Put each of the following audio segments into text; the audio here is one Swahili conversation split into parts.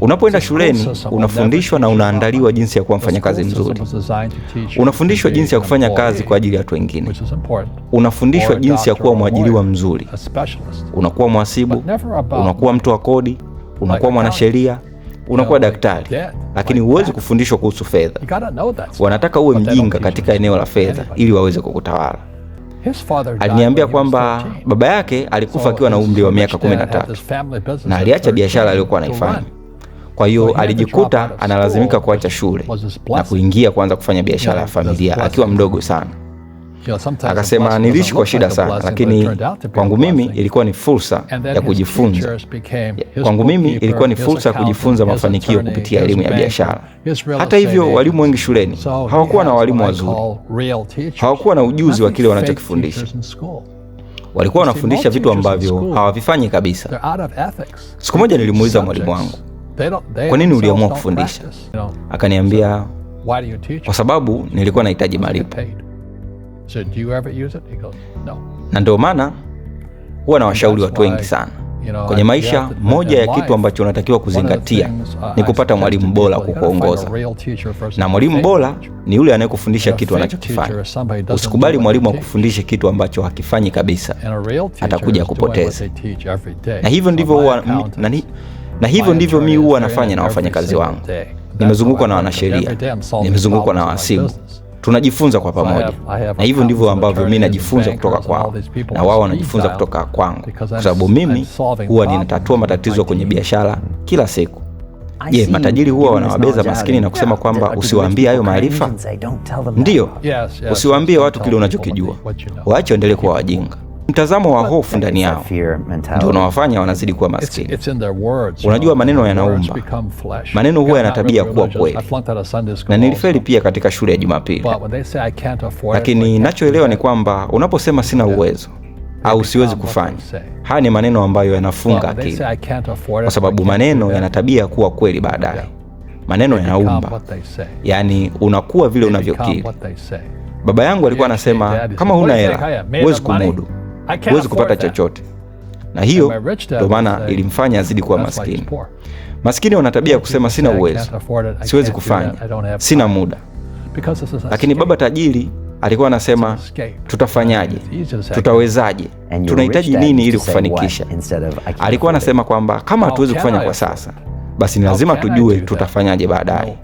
Unapoenda shuleni unafundishwa na unaandaliwa jinsi ya kuwa mfanyakazi mzuri. Unafundishwa jinsi ya kufanya kazi kwa ajili ya watu wengine. Unafundishwa jinsi ya kuwa mwajiriwa mzuri. Unakuwa mwasibu unakuwa mtu wa kodi, unakuwa mwanasheria, unakuwa daktari, lakini huwezi kufundishwa kuhusu fedha. Wanataka uwe mjinga katika eneo la fedha ili waweze kukutawala. Aliniambia kwamba baba yake alikufa akiwa na umri wa miaka 13 na aliacha biashara aliyokuwa anaifanya. Kwa hiyo alijikuta analazimika kuacha shule na kuingia kuanza kufanya biashara ya familia akiwa mdogo sana. Akasema niliishi kwa shida sana, lakini kwangu mimi ilikuwa ni fursa ya kujifunza. Kwangu mimi ilikuwa ni fursa ya kujifunza mafanikio kupitia elimu ya biashara. Hata hivyo, walimu wengi shuleni hawakuwa na walimu wazuri, hawakuwa na ujuzi wa kile wanachokifundisha walikuwa wanafundisha vitu ambavyo hawavifanyi kabisa. Siku moja nilimuuliza mwalimu wangu, kwa nini uliamua kufundisha? Akaniambia, kwa sababu nilikuwa nahitaji malipo do you ever use it? He goes, no. Na ndio maana huwa na washauri watu wengi sana kwenye maisha. Moja ya kitu ambacho unatakiwa kuzingatia uh, ni kupata mwalimu bora kukuongoza, na mwalimu bora ni yule anayekufundisha kitu anachokifanya. Usikubali mwalimu akufundishe kitu ambacho hakifanyi kabisa, atakuja kupoteza. Na hivyo ndivyo huwa na hivyo ndivyo mi huwa nafanya na wafanyakazi wangu. Nimezungukwa na wanasheria, nimezungukwa na wahasibu tunajifunza kwa pamoja, na hivyo ndivyo ambavyo mi najifunza kutoka kwao na wao wanajifunza kutoka kwangu, kwa sababu mimi huwa ninatatua matatizo kwenye biashara kila siku. Je, yeah, matajiri huwa wanawabeza maskini na kusema kwamba usiwaambie hayo maarifa? Ndiyo, usiwaambie watu kile unachokijua, waache waendelee kuwa wajinga. Mtazamo wa hofu ndani yao ndio unawafanya wanazidi kuwa maskini. Unajua, maneno yanaumba, maneno huwa yana tabia kuwa kweli, na nilifeli pia katika shule ya Jumapili, lakini nachoelewa ni kwamba unaposema sina uwezo au siwezi kufanya, haya ni maneno ambayo yanafunga akili, kwa sababu maneno yana tabia kuwa kweli baadaye. Maneno yanaumba, yaani unakuwa vile unavyokiri. Baba yangu alikuwa anasema kama huna hela huwezi kumudu huwezi kupata chochote, na hiyo ndio maana ilimfanya azidi kuwa maskini. Maskini wana tabia ya kusema sina uwezo, siwezi kufanya, sina muda. Lakini baba tajiri alikuwa anasema tutafanyaje? Tutawezaje? Tunahitaji nini ili kufanikisha? Alikuwa anasema kwamba kama hatuwezi kufanya kwa sasa basi ni lazima tujue tutafanyaje baadaye.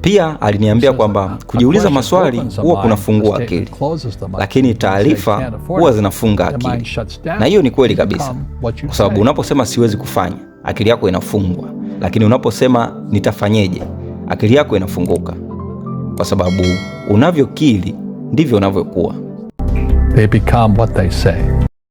Pia aliniambia kwamba kujiuliza maswali huwa kunafungua akili, lakini taarifa huwa zinafunga akili, na hiyo ni kweli kabisa, kwa sababu unaposema siwezi kufanya, akili yako inafungwa, lakini unaposema nitafanyeje, akili yako inafunguka, kwa sababu unavyokili ndivyo unavyokuwa. They become what they say.